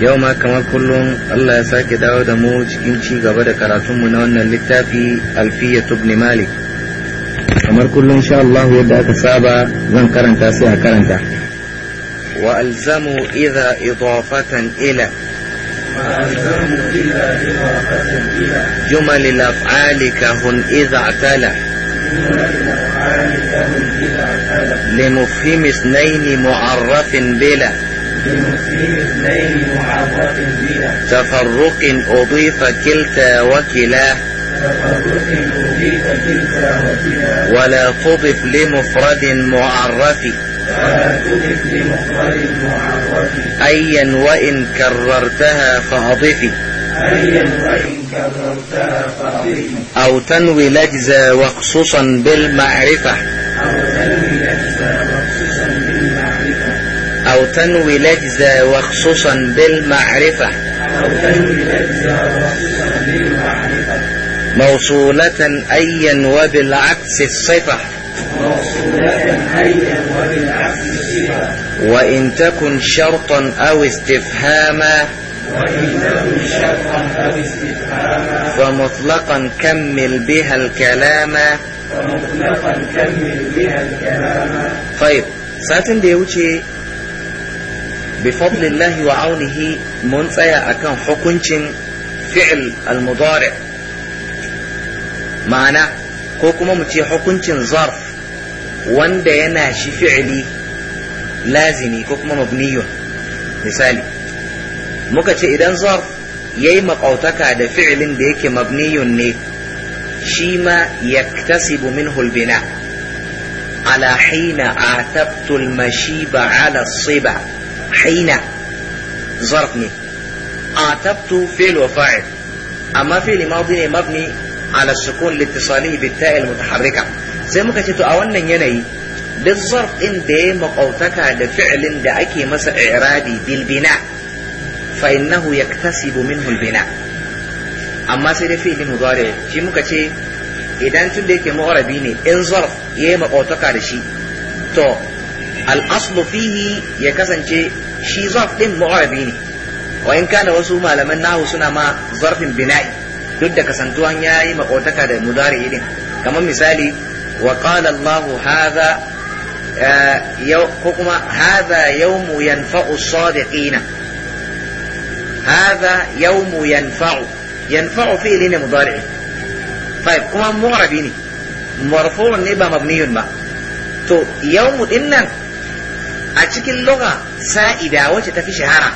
yau ma kamar kullum Allah ya sake dawo da mu cikin ci gaba da karatunmu na wannan littafi alfiya tubni malik kamar kullum insha Allah yadda aka saba zan karanta sai a karanta wa alzamu idha idafatan ila جمل الأفعال كهن إذا اعتلى لمفهم اثنين معرف بلا تفرق أضيف كلتا وكلا ولا تضف لمفرد معرف أيا وإن كررتها فأضفي أو تنوي لجزا وخصوصا بالمعرفة أو تنوي الأجزاء وخصوصا بالمعرفة موصولة أيا وبالعكس الصفة وإن تكن شرطا أو استفهاما فمطلقا كمل بها الكلام فمطلقا كمل بها الكلام طيب دي بيوتي Bi بفضل wa وعونه mun tsaya akan hukuncin fi'il al-mudari ma'ana ko kuma mu ce hukuncin zarf wanda yana shi fi'ili lazimi ko kuma mabniyun misali muka ce idan zarf yayi makautaka da fi'ilin da yake mabniyun ne shi ma yaktasibu min al-bina ala hina atabtu al-mashiba ala as-siba حين ظرفني عاتبت فعل وفاعل أما فعل ماضي مبني على السكون لاتصاله بالتاء المتحركة زي ما كنت a wannan yanayi duk zarf ɗin da ya maƙautaka da fi'ilin da ake masa i'rabi amma sai da fi'ilin mudari shi muka ce idan tun da yake mu'arabi ne in zarf yayi makautaka da shi to الأصل فيه يا شيء شي ظرف دين معربيني وإن كان وسوما لما نعو سنة ما ظرف بنائي دد كسنتوان ياي مقوتك هذا المدار إلينا كما مثالي وقال الله هذا آه، حكم هذا يوم ينفع الصادقين هذا يوم ينفع ينفع فيه لين مضارع طيب كما معربيني مرفوع نبا مبني ما تو يوم إنك a cikin lugha sa'ida wacce ta fi shahara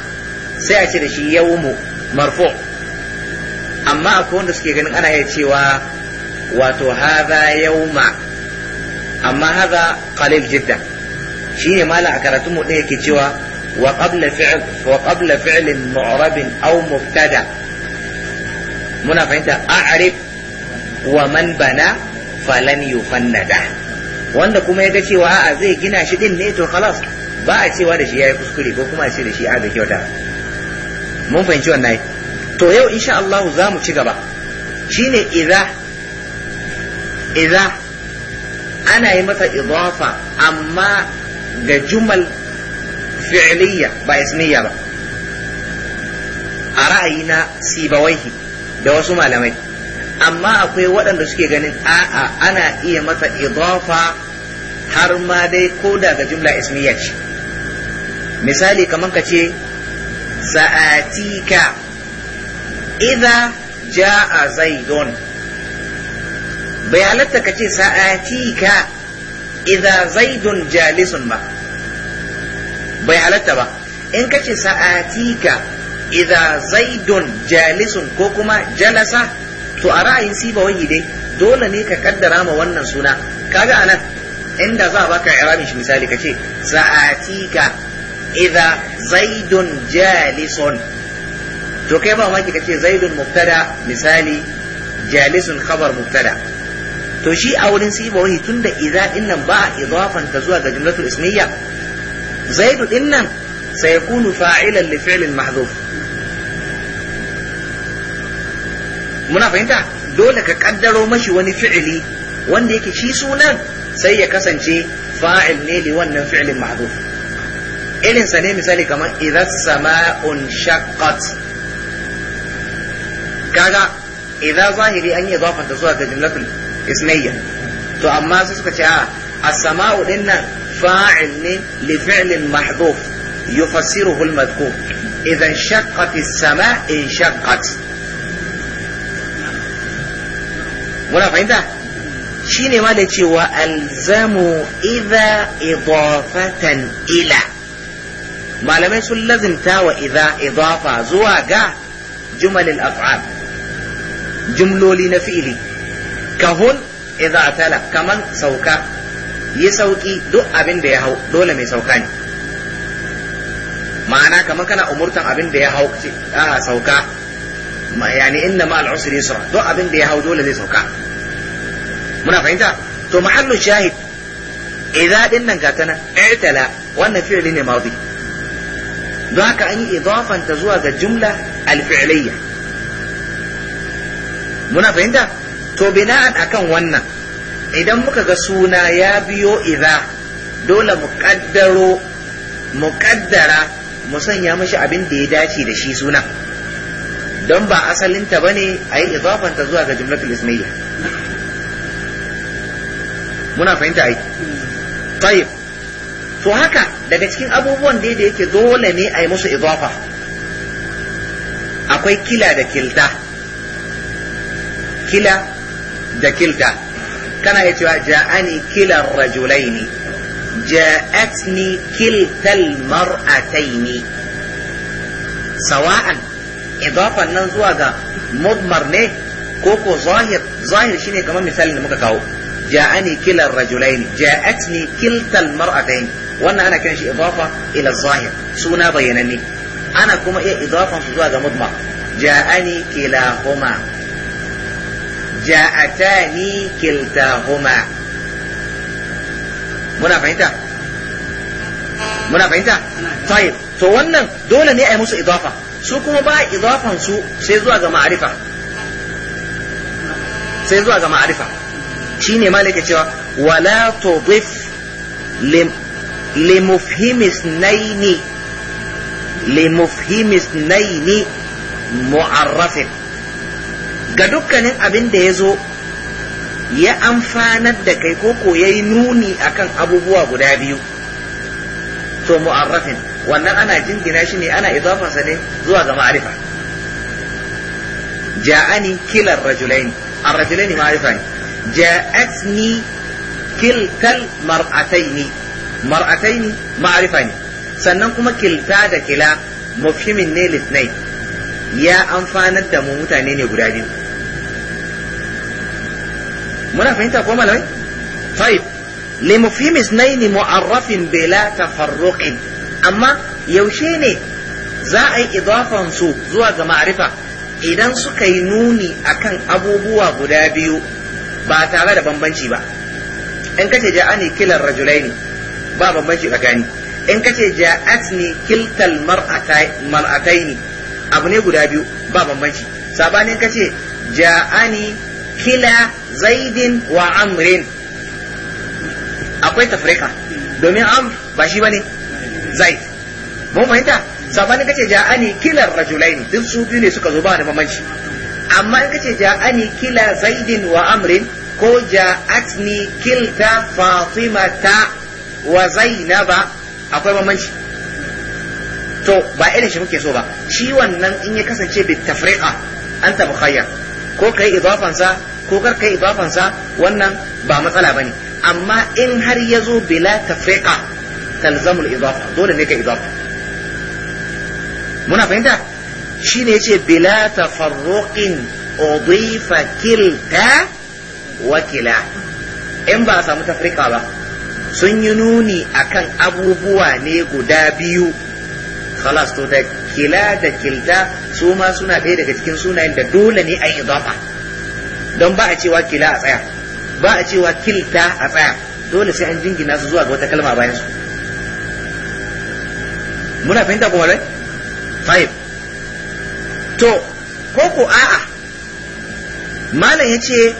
sai a ce da shi yawmu marfu amma akwai wanda suke ganin ana iya cewa wato hadha yawma amma hadha qalil jiddan ne mala a karatu mu ɗaya ke cewa wa qabla fi'l wa qabla fi'lin mu'rabin aw mubtada muna fahimta a'rif wa man bana falan yufannada wanda kuma ya ga cewa a'a zai gina shi din ne to khalas ba a cewa da shi yi kuskure ko kuma a ce da shi a kyauta mun fahimci wannan to yau insha Allah za mu ci gaba shine idza idza ana yi masa idafa amma ga jumal fi'liya ba ismiya ba a ra'ayina sibawaihi da wasu malamai amma akwai waɗanda suke ganin a'a ana iya masa idafa har ma dai ko da ga jumla ismiya ce misali kamar ka ce sa'atika idza ja'a zaidun bai halatta ka ce sa'atika idza zaidun jalisun ba bai halatta ba in ka ce sa'atika idza zaidun jalisun ko kuma jalasa to a ra'ayin siba wani dai dole ne ka kaddara ma wannan suna kaga anan inda za a baka iramin shi misali ka ce sa'atika idza zaidun jalisun to kai ba maki kace zaidun mubtada misali jalisun khabar mubtada to shi a wurin ba wani tunda idza din nan ba idafan ta zuwa ga jumlatul ismiyya zaidu din nan sayakunu fa'ilan li fi'lin mahdhuf muna fahimta dole ka kaddaro mashi wani fi'ili wanda yake shi sunan sai ya kasance fa'il ne li wannan fi'lin mahdhuf irin sa ne misali kamar idan sama'un shaqqat kaga idan zahiri an yi zafanta zuwa ga jumlatul ismiyya to amma sai suka ce a as-sama'u dinnan fa'il ne li fi'lin mahdhuf yufassiruhu al-madhkur idan shaqqat as-sama' shaqqat muna fahimta shine ma da cewa alzamu idza idafatan ila malamai sun lazimta wa idza idafa zuwa ga jumalil af'al jumloli na fi'ili kahun idza tala kaman sauka yi sauki duk abin da ya hau dole mai sauka ne ma'ana kaman kana umurtan abin da ya hau a sauka yani inna ma al'usri yusra duk abin da ya hau dole zai sauka muna fahimta to mahallu shahid idza din nan gatana i'tala wannan fi'ili ne madi don haka an yi idafanta zuwa ga jumla alfi'liya muna fahimta to bina'an akan wannan idan muka ga suna ya biyo idza dole muƙaddara kaddaro mu sanya mashi abinda ya dace da shi suna don ba asalinta bane a yi idafanta zuwa ga jumlatul ismiyya muna fahimta ai طيب hmm. to haka daga cikin abubuwan da da yake dole ne a yi musu idafa akwai kila da kilta. kila da kilta. kana ya cewa ja'ani kila rajulaini ja'atni kiltal mar'ataini sawa'an idafan nan zuwa ga mudmar ne ko ko zahir zahir shine kamar misalin da muka kawo ja'ani kila rajulaini ja'atni kiltal mar'ataini wannan ana kiran shi idafa ila zahir suna bayyananne ana kuma iya idafan su zuwa ga mudma ja'ani kilahuma ja'atani kiltahuma muna fahimta muna fahimta tayyib to wannan dole ne a yi musu idafa su kuma ba idafan su sai zuwa ga ma'arifa sai zuwa ga ma'arifa shine malaka cewa wala tudif لمفهم اثنين لمفهم اثنين معرف ga dukkanin abin da ya zo ya amfanar da kai ko بوا nuni akan abubuwa guda biyu to mu'arrafin wannan ana jingina shi ne ana idafansa ne zuwa ga ma'arifa ja'ani kilar rajulaini ar-rajulaini ma'arifa ne ja'atni kiltal mar'ataini mar'ataini ma'arifa ne sannan kuma kilta da kila mufhimin ne litnai ya amfanar da mu mutane ne guda biyu muna fahimta ko malamai طيب لمفهم اثنين معرف بلا تفرق أما يوشيني زائي إضافة zuwa ga ma'arifa idan suka yi nuni akan abubuwa guda biyu ba tare da bambanci ba in kace ja ani kilar rajulaini ba bambanci tsakani in ka ce ja'atni kiltal mar'ataini abu ne guda biyu ba bambanci sabanin ka ce ja'ani kila zaidin wa amrin akwai tafrika domin am ba shi bane zaid mun fahimta sabanin kace ja'ani kila rajulain duk su biyu ne suka zo ba da bambanci amma in ka ja ja'ani kila zaidin wa amrin ko ja'atni kilta fatimata wa zainaba akwai bambanci to ba irin shi muke so ba shi wannan in ya kasance bi tafriqa anta mukhayyar ko kai idafansa ko kar kai idafansa wannan ba matsala bane amma in har ya zo bila tafriqa talzamu al-idafa dole ne ka idafa muna fahimta ne yace bila tafarruqin udifa kilta wa in ba a samu tafrika ba sun yi nuni akan abubuwa ne guda biyu khalas to da kila da kilda su ma suna ɗaya daga cikin sunayen da dole ne a idafa don ba a cewa kila a tsaya ba a cewa kilta a tsaya dole sai an jingina su zuwa ga wata kalma bayan su muna fahimta kuma rai fahim to ko ko a'a malam ya ce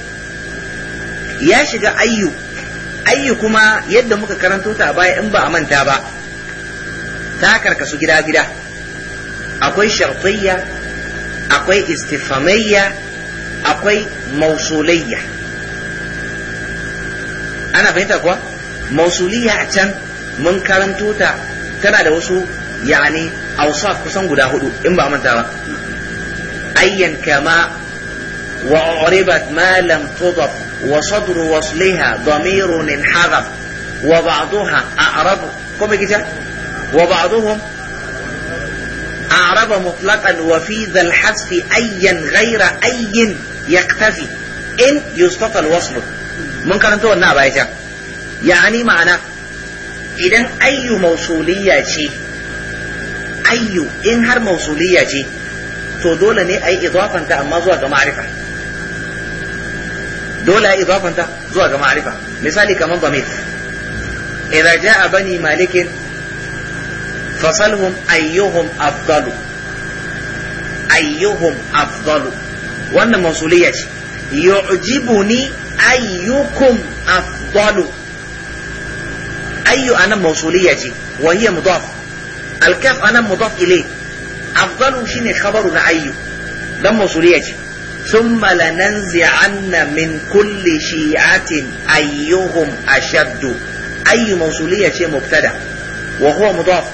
ya shiga ayyu ayi kuma yadda muka karanto ta baya in ba a manta ba ta karkasu gida gida akwai shartiyya akwai istifamiyya akwai mausuliyya ana fahimta kuwa mausuliyya a can mun karanto ta tana da wasu yani ausa kusan guda hudu in ba a manta ba ayyan kama wa uribat ma lam tudaf وصدر وصلها ضمير انحذف وبعضها أعرب كم كده وبعضهم أعرب مطلقا وفي ذا الحذف أيا غير أي يكتفي إن يستطى الوصل ممكن أن تقول نعم يعني معنى إذا أي موصولية شيء ayyu in har mausuliya ce to dole ne a yi idafanta amma zuwa ga ma'arifa dole ya idafanta zuwa ga ma'arifa misali kamar dhamir idza jaa bani malik fasalhum ayyuhum afdalu ayyuhum afdalu wannan mausuliyya ce yu'jibuni ayyukum afdalu أي أنا موصولية جي وهي مضاف الكاف أنا مضاف إليه أفضل شيء خبرنا أي ده موصولية جي ثم لننزعن من كل شيعة أيهم أشد أي موصولية مبتدأ وهو مضاف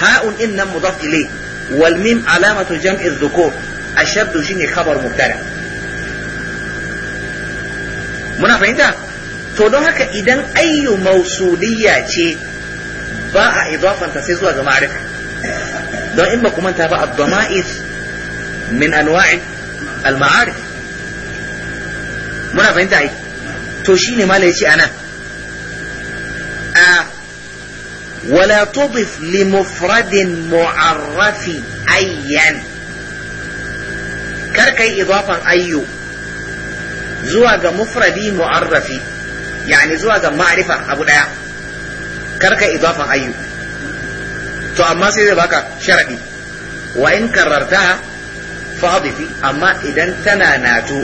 هاء إن مضاف إليه والميم علامة جمع الذكور أشد شيني خبر مبتدأ muna fahimta to don haka idan ayyu mausuliya ce ba a idafanta sai zuwa ga ma'arifa don in ba ku manta ba a damair min anwa'i almaari muna fahimta ai to shi ne mala ya ce anan a wala tudif li mufradin mu'arrafi ayyan kar kai idafan ayyo zuwa ga mufradi mu'arrafi yani zuwa ga ma'rifa abu daya kar kai idafan ayyo to amma sai zai baka sharadi wa in kararta fadifi amma idan tana nato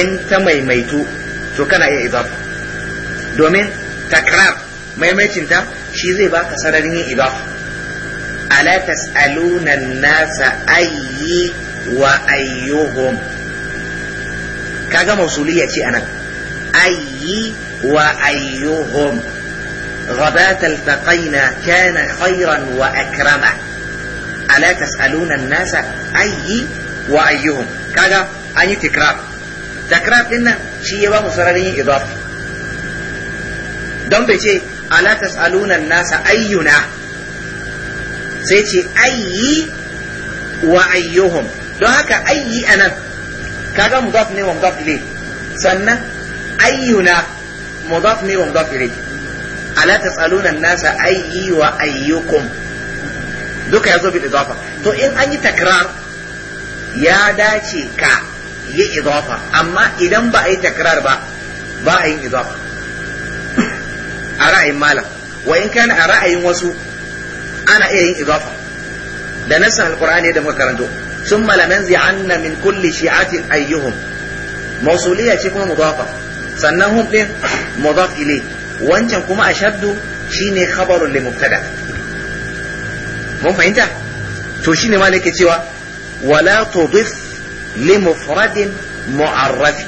in ta maimaitu to kana iya idafa domin takrar maimacinta shi zai baka sararin yin idafa ala tas'aluna nasa ayyi wa ayyuhum kaga mausuliya ce anan ayyi wa ayyuhum غبات التقينا كان خيرا وأكرما ala tas'aluna an-nasa ayyi wa ayyuhum kaga an yi tikrar takrar din nan shi ya ba mu sararin yin idaf don bai ce ala tas'aluna an-nasa ayyuna sai ce ayyi wa ayyuhum don haka ayyi anan kaga mudaf ne wa mudaf ilayh sannan ayyuna mudaf ne wa mudaf ilayh ala tas'aluna an-nasa ayyi wa ayyukum duka ya zo bin idafa to in an yi takrar ya dace ka yi idafa amma idan ba a yi takrar ba ba a yin idafa a ra'ayin malam wa in kana ra'ayin wasu ana iya yin idafa da nasan da muka karanto sun malaman zai min kulli shi'atin ayyuhum mausuliya ce kuma mudafa sannan hudin mudaf ilai wancan kuma ashaddu shine khabarun li mubtada mun fahimta to shine ma nake cewa wala tudif li mufradin mu'arrafi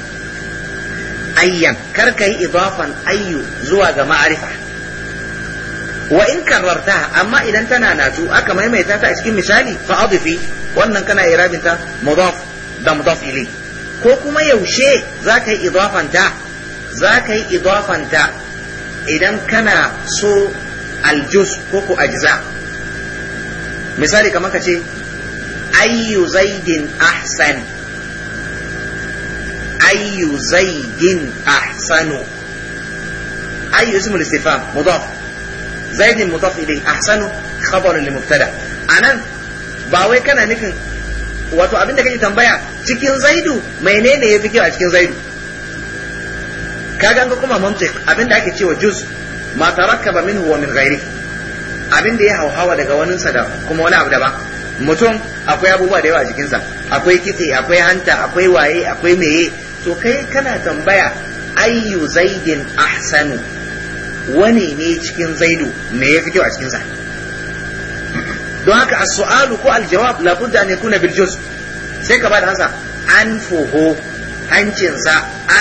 ayyan kar kayi yi idafan ayyu zuwa ga ma'arifa wa in karrarta amma idan tana natu aka maimaita ta a cikin misali fa adifi wannan kana irabinta mudaf da mudaf ilai ko kuma yaushe za ka yi idafan ta zaka yi idafan ta idan kana so aljus ko ku ajza' misali kamar ka ce ayyu zaidin ahsan ayyu zaidin ahsanu ayyu ismul istifham mudaf zaidin mudaf ilayhi ahsanu khabar li mubtada anan ba wai kana nufin wato abin da kake tambaya cikin zaidu menene yafi kyau a cikin zaidu kaga an ga kuma mantiq abin da ake cewa juz ma tarakkaba minhu wa min ghairihi abin da ya hauhawa daga waninsa da kuma wani abu ba mutum akwai abubuwa da yawa a jikinsa akwai kitse akwai hanta akwai waye akwai meye to kai kana tambaya ayyu zaidin ahsanu wani ne cikin zaidu me ya fi kyau a cikinsa don haka as-su'alu ko aljawab jawab labudda an yakuna bil sai ka bada an anfuhu hancinsa a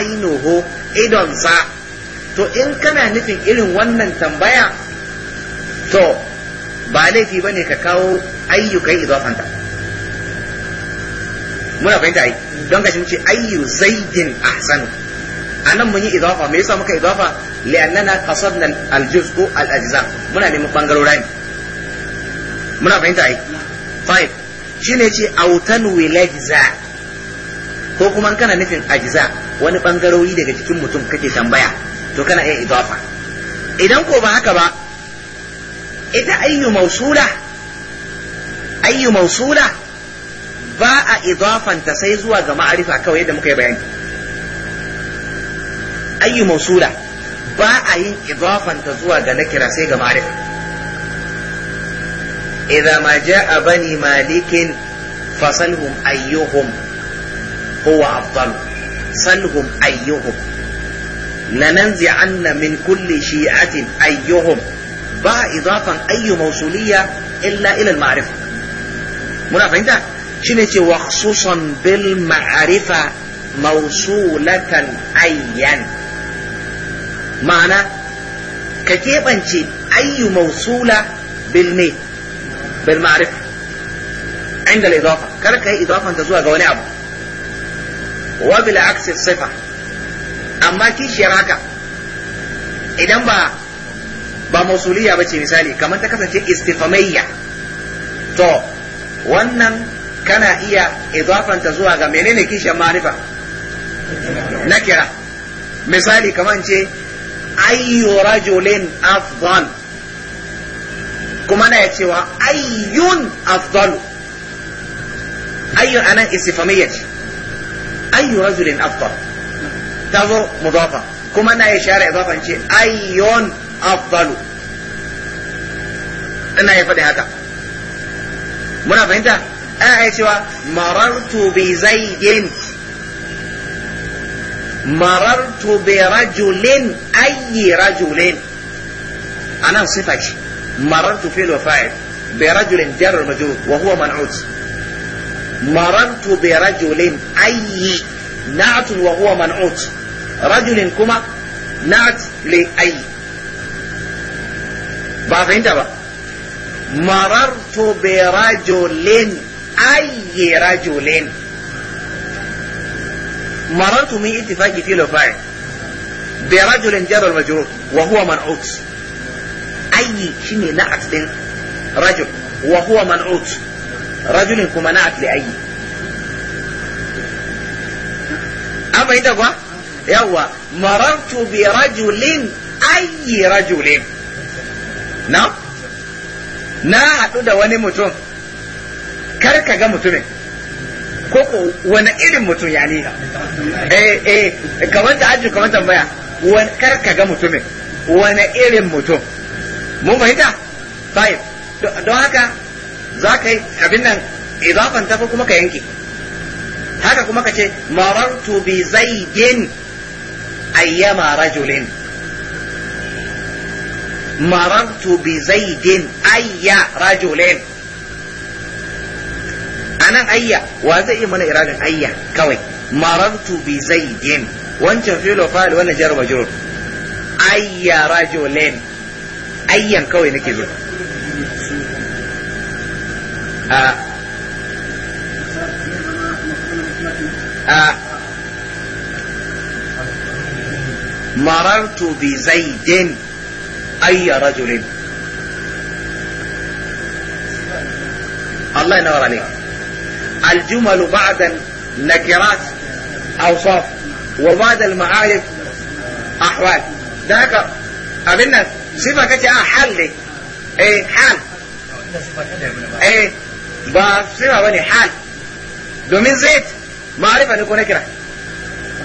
ainuhu idonsa to in kana nufin irin wannan tambaya to ba laifi bane ka kawo ayyukan idafanta muna fahimta ai don gashi ce ayyu zaidin ahsanu anan mun yi idafa me yasa muka idafa annana qasadna al juz'u ko al-ajza muna neman bangarorin muna fahimta ai fine shine ce autan wilajza ko kuma kana nufin ajza wani bangarori daga cikin mutum kake tambaya to kana iya idafa idan ko ba haka ba ita ayyu mausula ayyu mausula ba a idafanta sai zuwa ga ma'arifa kawai yadda muka yi bayani ayyu mausula ba a yin idafanta zuwa ga nakira sai ga ma'arifa idza ma ja'a bani malikin fasalhum ayyuhum huwa afdalu salhum ayyuhum lananzi'anna min kulli shi'atin ayyuhum ba idafan ayyu mausuliyya illa ila al-ma'rifa muna fahimta shine ce wa khususan bil ma'rifa mausulatan ayyan ma'ana ka keɓance ayyu mausula bil me bil ma'rifa inda al-idafa kada ka yi idafan ta zuwa ga wani abu wa bil aksi sifa amma kishiyar haka idan ba ba mausuliya ba ce misali kamar ta kasance istifamayya to wannan kana iya idafanta zuwa ga menene kishin marifa na kira misali kamar ce ayyu rajulin afdal kuma na ya cewa ayyun afdalu ayyun anan istifamayya ce ayyu rajulin afdal ta zo mudafa kuma na ya share idafan ce ayyun afdalu ina ya faɗi haka muna fahimta ana ai cewa marartu bi zaidin marartu bi rajulin ayi rajulin anan sifa ce marartu fil wa fa'il bi rajulin jar majrur wa huwa man'ut marartu bi rajulin ayi na'at wa huwa man'ut rajulin kuma na'at li ayi ba fahimta ba marartu be rajulin ayyi rajulin marartu min ittifaqi fi lafai be rajulin jar majrur wa huwa man'ut ayyi shine na'at din rajul wa huwa man'ut rajulin kuma na'at li ayyi amma ita ba yawa marartu bi rajulin ayyi rajulin na na haɗu da wani mutum kar ka ga mutumin ko ko wani irin mutum ya ni eh eh kamar da aji kamar tambaya wani kar ka ga mutumin wani irin mutum mun fahimta fahim don haka za ka yi abin nan idafan ta kuma ka yanke haka kuma ka ce marartu bi zaidin ayyama rajulin marartu bi zaidin ayya rajulain anan ayya wa zai iya mana iradin ayya kawai marartu bi zaidin wancan fil wa fa'il wannan jar majrur ayya rajulain ayyan kawai مررت بزيد أي رجل الله ينور عليك الجمل بعد النكرات أوصاف وبعد المعارف أحوال ذاك أبنا صفة كتي آه، حال لي إيه حال إيه بصفة بني حال دومين زيت معرفة نكون نكرة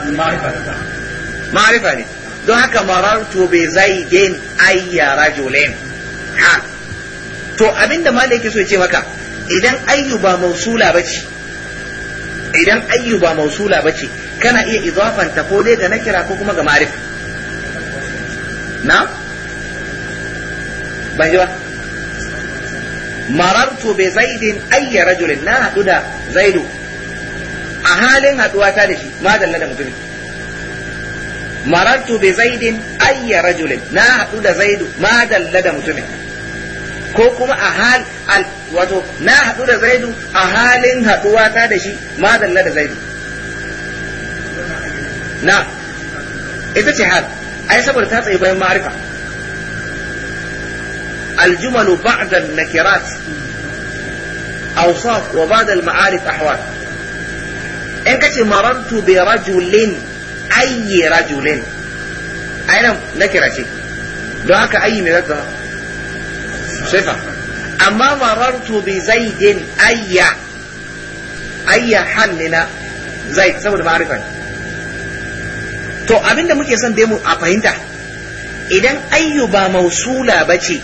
معرفة معرفة نكرة don haka marartu bi zaidin ayya rajulen ha to abinda da yake so ya ce maka idan ayyu ba mausula bace idan ayyu ba mausula bace kana iya ta ko dai ga nakira ko kuma ga ma'rif na ban ji ba marartu zai zaidin ayya rajulin na haɗu da zaidu a halin haɗuwa ta da shi madalla da mutumin marartu bi zaidin ayya rajulin na haɗu da zaidu ma dalla da mutumin ko kuma a hal wato na haɗu da zaidu a halin haɗuwa ta da shi ma dalla da zaidu na ita ce hal ai saboda ta tsaye bayan ma'arifa الجمل بعد النكرات أوصاف وبعد المعارف أحوال إن كتي مررت برجل ayyi rajulin ainihin na kira ce don haka ayyi mai zata sifa amma marartu bi zaidin ayya ayya hannina zaid saboda ma'arifa to abinda muke son da mu a fahimta idan ayyu ba mausula ba ce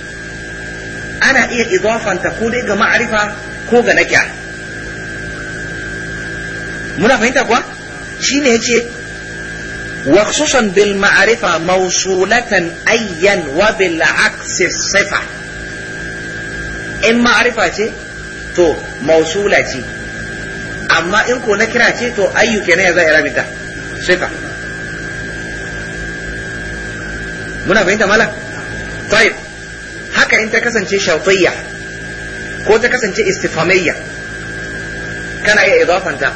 ana iya idafanta ko dai ga ma'arifa ko ga nakiya muna fahimta kuwa shine yace وخصوصا بالمعرفة موصولة أيا وبالعكس الصفة إن معرفة تو موصولة أما إنكو نكرة شيء تو أي كناية زائرة منك صفة muna fahimta mala طيب haka in ta kasance shautiyya ko ta kasance istifamiyya kana iya idafanta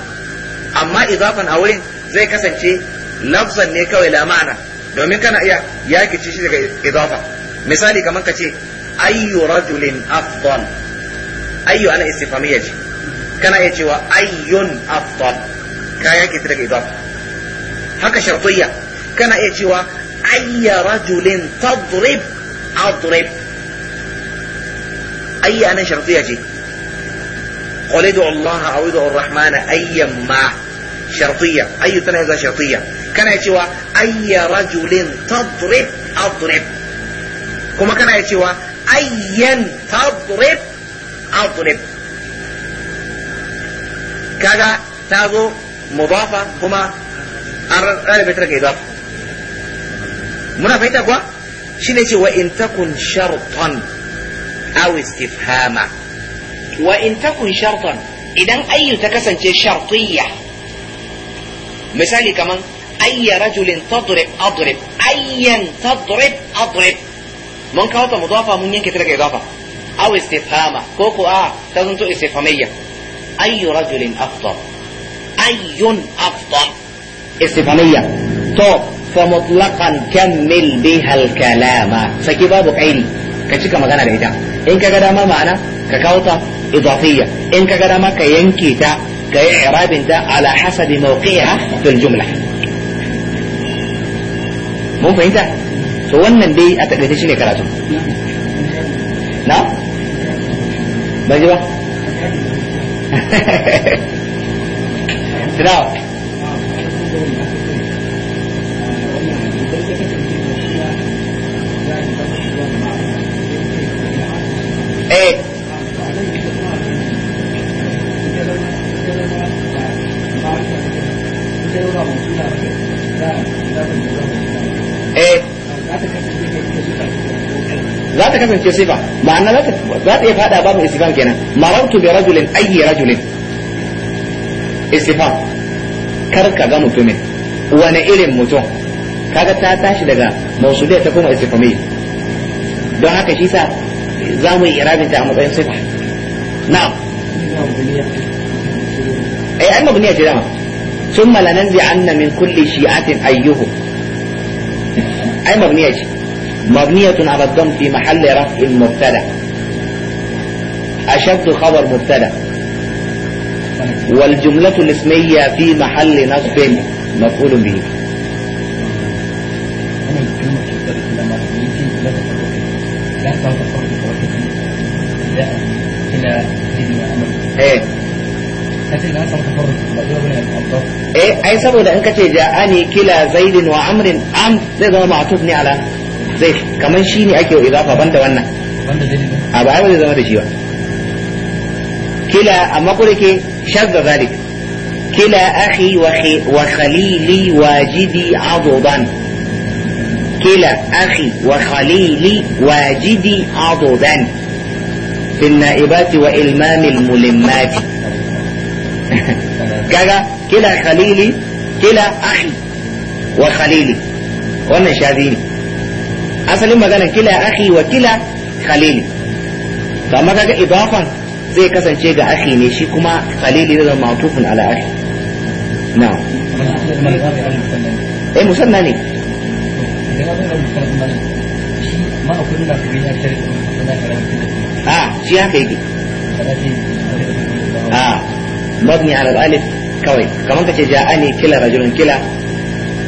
amma izafan a wurin zai kasance lafzan ne kawai la ma'ana domin kana iya yaki ci shi daga idafa misali kamar ka ce ayyu rajulin afdal ayyu ana istifhamiyya ce kana iya cewa ayyun afdal ka yaki ci daga idafa haka shartiyya kana iya cewa ayya rajulin tadrib adrib ayya ana shartiyya ce قل ادعوا الله او ادعوا الرحمن ايا ما شرطيه اي تنازع شرطيه kana cewa ayya rajulin tadrib adrib kuma kana cewa ayyan tadrib adrib kaga ta zo mudafa kuma an rarrabe ta daga muna fahimta kuwa shine ce wa in takun shartan aw istifhama wa in takun shartan idan ayyu ta kasance shartiyya misali kaman أي رجل تضرب أضرب أيا تضرب أضرب من كوتا مضافة من ينك تلك إضافة أو استفهامة كوكو آه تظن تو استفهامية أي رجل أفضل أي أفضل استفهامية تو فمطلقا كمل بها الكلام سكبابك عيني كشيكا مغانا لهذا إن كذا ما معنى ككوتا إضافية إن كذا ما كينكي تا كإعراب على حسب موقعها في الجملة mun fahimta to wannan dai a takaice shine karatu na ba ji ba kasance sifa ma'ana za ta iya fada babu istifam kenan marartu bi rajulin ayi rajulin istifam kar ka ga mutumin wani irin mutum kaga ta tashi daga mausuliya ta kuma istifami don haka shi sa za mu yi irabinta a matsayin sifa na'am eh, ai an mabniya ce dama ثم لننزعن من كل شيعة ayyuhu أي مبنية شيء مبنية على الضم في محل رفع مبتدا أشد خبر مبتدا والجملة الاسمية في محل نصب مفعول به ايه ايه اي سبب ايه ايه جاءني كلا زيد وعمر عم ايه ايه على zai kamar shi ne ake izafa banda wannan a ba zai zama da shi ba kila amma ko da ke shadda zalik kila akhi wa khalili wajidi adudan kila akhi wa khalili wajidi adudan في النائبات وإلمام الملمات كذا كلا خليلي كلا أخي وخليلي وانا شاذيني asalin magana kila akhi wa kila khalili to amma kaga idafan zai kasance ga akhi ne shi kuma khalili zai zama ma'tufun ala akhi na'am eh musanna ne a ah, shi haka yake a ah, mabni ala alif kawai kamar kace ja'ani kila rajulun kila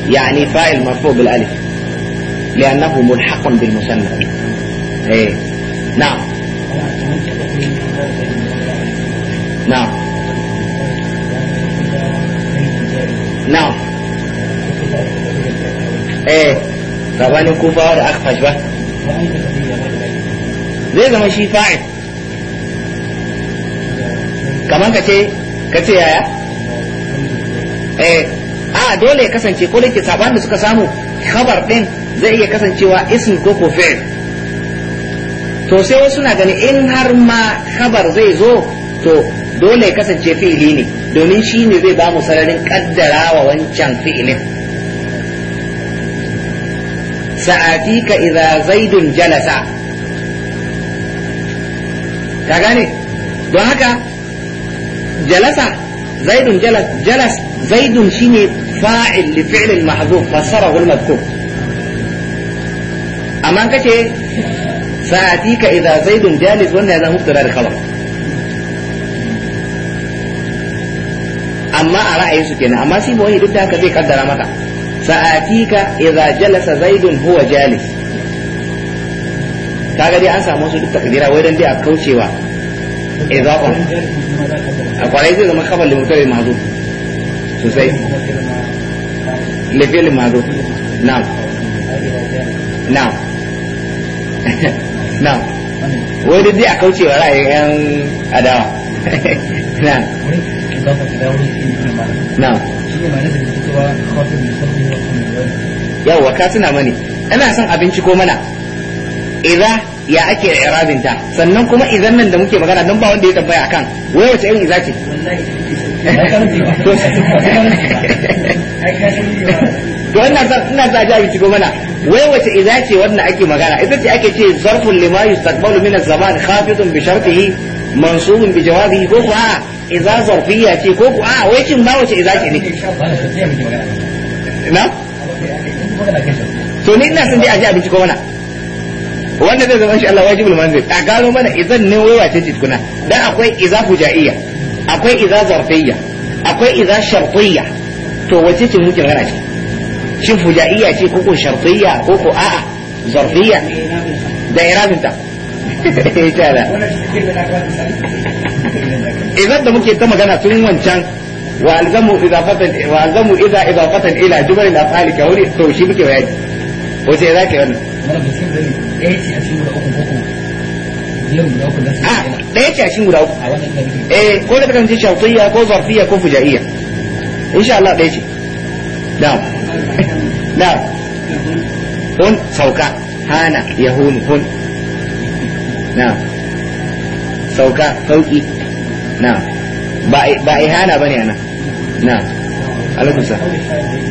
يعني فاعل مرفوع بالالف لأنه ملحق بالمسمى إيه نعم نعم نعم eh kamar ka ce ka ce yaya eh a dole ya kasance ko da ke da suka samu khabar din zai iya kasancewa ism ko ko fi'l to sai wasu na gani in har ma khabar zai zo to dole ya kasance fi'ili ne domin shi ne zai ba mu sararin kaddara wa wancan fi'ilin sa'atika idza zaidun jalasa ka gane don haka jalasa zaidun jalas jalas zaidun shine fa'il li fi'l al-mahdhuf fassarahu al-madhkur amma ka ce ka idza zaidun jalis wannan yana zama da kawai amma a ra'ayin su kenan amma sai wani duk da haka zai kaddara maka ka idza jalasa zaidun huwa jalis kaga dai an samu su duk takdira wai dan dai a kaucewa idafan a kwarai zai zama kafar limutar mazo sosai lafiyar mazo na na na wai duk dai a kauce wa ra'ayin yan adawa na na yawwa ka suna mani Ina son abinci ko mana idan ya ake irabin ta sannan kuma idan nan da muke magana don ba wanda ya tambaya akan wai wace irin idza ce to ina za ina za ji abinci ko mana wai wace idza ce wannan ake magana ita ce ake ce zarfun lima yustaqbalu min az-zaman khafidun bi shartihi mansubun bi jawabihi ko ku a idza zarfiyya ce ko ku a wai kin ba wace idza ce ne na to ni ina san dai a ji abinci ko mana wanda zai zama shi Allah wajibul manzil a gano mana idan ne wai wace ce tukuna dan akwai iza fujaiya akwai iza zarfiyya akwai iza shartiyya to wace ce muke magana ce شوفوا جائية شين كوكو شرطية كوكو آه ظرفية دائران انت ايه اذا إيه إيه ممكن تم جانا تون شان والزموا اضافة والزموا اذا اضافة الى جبل الافعال كوري تو شي بك وعد وزي ذاك انا مرض ايه تي اشين ولا اوكو ايه كل بدنا نجي شرطية كو ظرفية كو فجائية ان شاء الله ديجي نعم da hun sauka hana ya hunu hun na sauka sauki na ba a hana ba ne na na alaƙusa